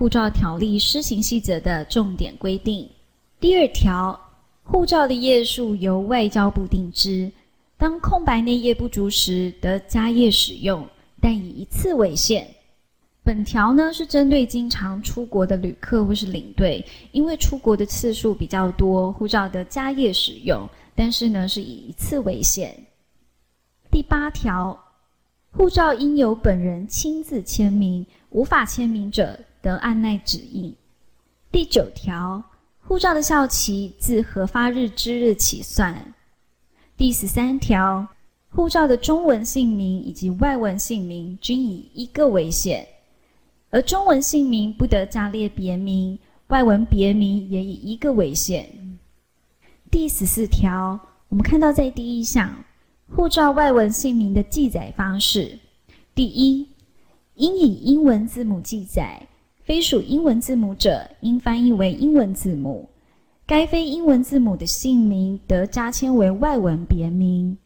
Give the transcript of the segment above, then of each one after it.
護照條例施行細則的重點規定：第二條，護照的頁數由外交部定之。當空白內頁不足時，得加頁使用，但以一次為限。本條呢是針對經常出國的旅客或是領隊，因為出國的次數比較多，護照得加頁使用，但是呢是以一次為限。第八條，護照應由本人親自簽名，無法簽名者。得按捺指引。第九條，護照的效期自核發日之日起算。第十三條，護照的中文姓名以及外文姓名均以一個為限，而中文姓名不得加列別名，外文別名也以一個為限。第十四條，我們看到在第一項，護照外文姓名的記載方式，第一，應以英文字母記載。非屬英文字母者，應翻譯為英文字母。該非英文字母的姓名得加簽為外文別名。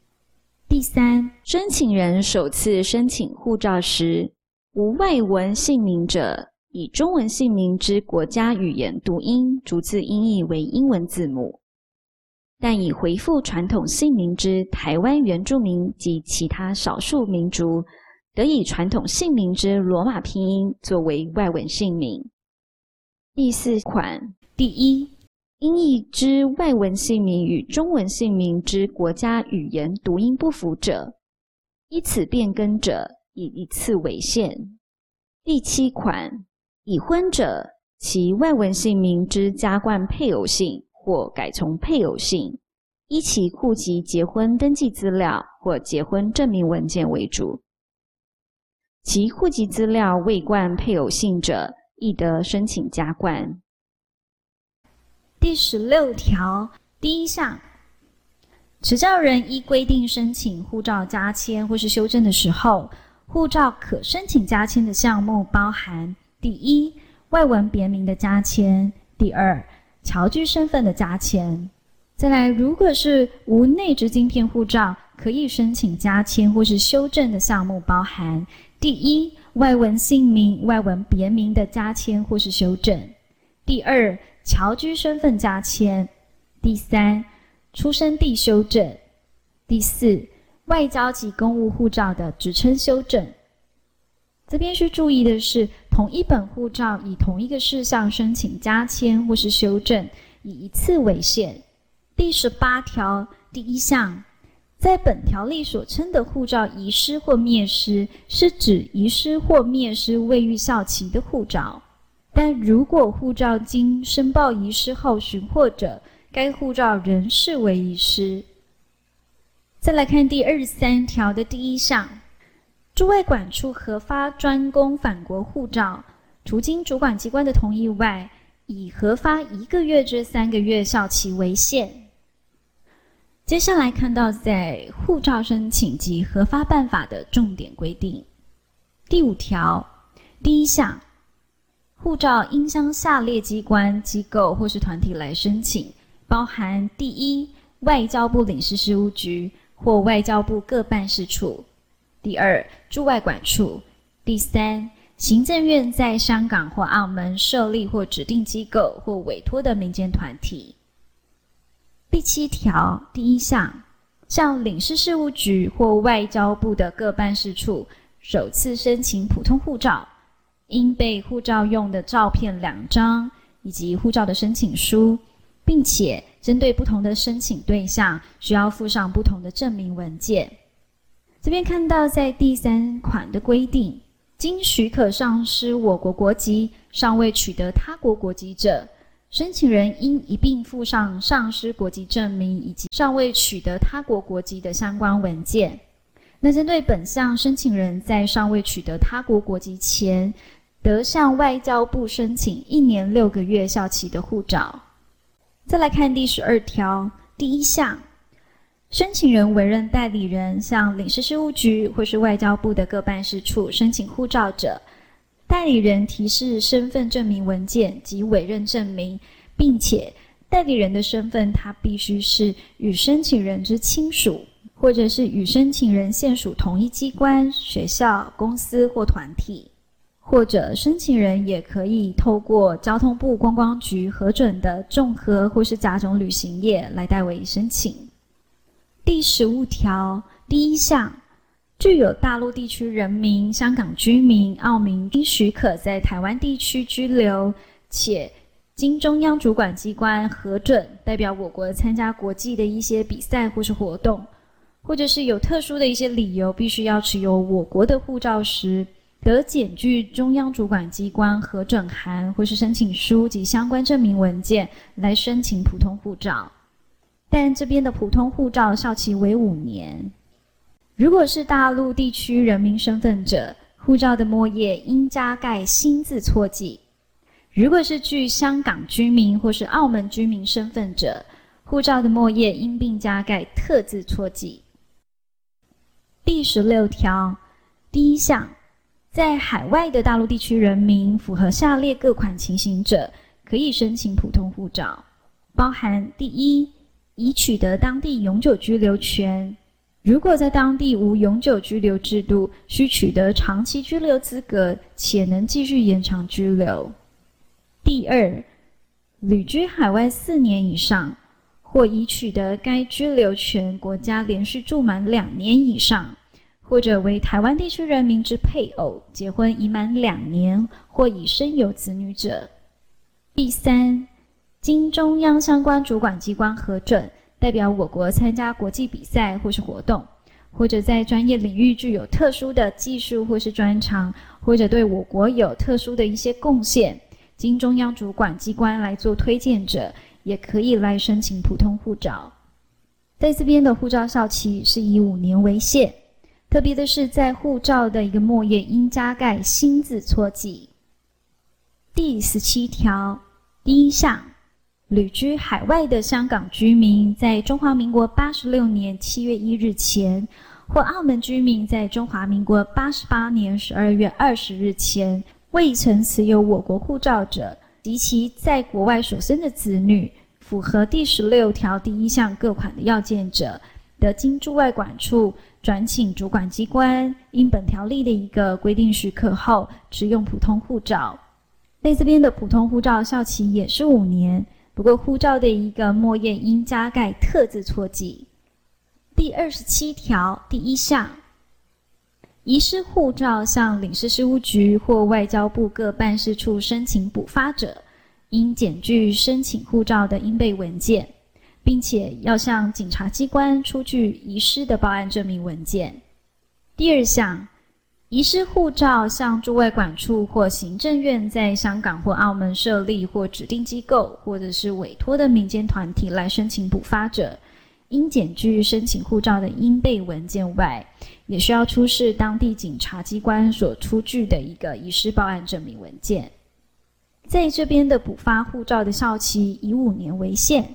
第三，申請人首次申請護照時，無外文姓名者，以中文姓名之國家語言讀音逐字音譯為英文字母。但以回復傳統姓名之台灣原住民及其他少數民族，得以傳統姓名之羅馬拼音作為外文姓名。第四款第一，音譯之外文姓名與中文姓名之國家語言讀音不符者，依此變更者以一次為限。第七款已婚者，其外文姓名之加冠配偶姓或改從配偶姓，依其戶籍結婚登記資料或結婚證明文件為主。其戶籍資料未冠配偶姓者，亦得申請加冠。第十六條第一項，持照人依規定申請護照加簽或是修正的時候，護照可申請加簽的項目包含：第一，外文別名的加簽；第二，僑居身份的加簽。再來，如果是無內置晶片護照，可以申請加簽或是修正的項目包含。第一，外文姓名、外文別名的加簽或是修正；第二，僑居身份加簽；第三，出生地修正；第四，外交及公務護照的職稱修正。這邊需注意的是，同一本護照以同一個事項申請加簽或是修正，以一次為限。第十八條第一項。在本條例所稱的護照遺失或滅失，是指遺失或滅失未逾效期的護照。但如果護照經申報遺失後尋獲者，該護照仍視為遺失。再來看第二十三條的第一項，駐外館處核發專供返國護照，除經主管機關的同意外，以核發一個月至三個月效期為限。接下來看到在護照申請及核發辦法的重點規定，第五條第一項，護照應向下列機關機構或是團體來申請，包含第一外交部領事事務局或外交部各辦事處，第二駐外館處，第三行政院在香港或澳門設立或指定機構或委托的民間團體。第七條第一項，向領事事務局或外交部的各辦事處首次申請普通護照，應備護照用的照片兩張以及護照的申請書，並且針對不同的申請對象，需要附上不同的證明文件。這邊看到在第三款的規定，經許可喪失我國國籍，尚未取得他國國籍者。申請人應一併附上喪失國籍證明以及尚未取得他國國籍的相關文件。那針對本項，申請人在尚未取得他國國籍前，得向外交部申請一年六個月效期的護照。再來看第十二條第一項，申請人委任代理人向領事事務局或是外交部的各辦事處申請護照者。代理人提示身份證明文件及委任證明，並且代理人的身份他必須是與申請人之親屬，或者是與申請人現屬同一機關、學校、公司或團體，或者申請人也可以透過交通部觀光局核准的綜合或是甲種旅行業來代為申請。第十五條第一項。具有大陸地區人民、香港居民、澳門經許可在台灣地區居留，且經中央主管機關核准，代表我國參加國際的一些比賽或是活動，或者是有特殊的一些理由，必須要持有我國的護照時，得檢具中央主管機關核准函或是申請書及相關證明文件來申請普通護照。但這邊的普通護照效期為五年。如果是大陸地區人民身份者，護照的末頁應加蓋“新”字戳記；如果是具香港居民或是澳門居民身份者，護照的末頁應並加蓋“特”字戳記。第十六條第一項，在海外的大陸地區人民符合下列各款情形者，可以申請普通護照，包含第一，已取得當地永久居留權。如果在當地無永久居留制度，需取得長期居留資格且能繼續延長居留。第二，旅居海外四年以上，或已取得該居留權國家連續住滿兩年以上，或者為台灣地區人民之配偶，結婚已滿兩年或已生有子女者。第三，經中央相關主管機關核准。代表我國參加國際比賽或是活動，或者在專業領域具有特殊的技術或是專長，或者對我國有特殊的一些貢獻，經中央主管機關來做推薦者，也可以來申請普通護照。在這邊的護照效期是以五年為限。特別的是，在護照的一個末頁應加蓋新字戳記。第十七條第一項。旅居海外的香港居民，在中華民國八十六年七月一日前，或澳門居民在中華民國八十八年十二月二十日前，未曾持有我國護照者及其在國外所生的子女，符合第十六條第一項各款的要件者，得經駐外館處轉請主管機關，因本條例的一個規定許可後，持用普通護照。那這邊的普通護照效期也是五年。不過，護照的一個末頁應加蓋特製戳記。第二十七條第一項，遺失護照向領事事務局或外交部各辦事處申請補發者，應檢具申請護照的應備文件，並且要向警察機關出具遺失的報案證明文件。第二項。遺失護照向駐外管處或行政院在香港或澳門設立或指定機構，或者是委託的民間團體來申請補發者，因檢具申請護照的英背文件外，也需要出示當地警察機關所出具的一個遺失報案證明文件。在這邊的補發護照的效期以五年為限，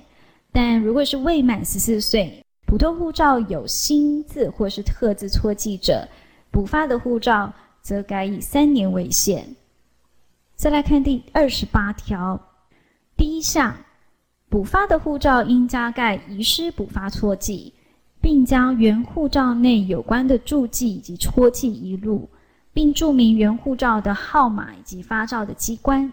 但如果是未滿十四歲，普通護照有新字或是特字錯記者。補發的護照則改以三年為限。再來看第二十八條，第一項，補發的護照應加蓋遺失補發戳記，並將原護照內有關的注記以及戳記移錄，並注明原護照的號碼以及發照的機關。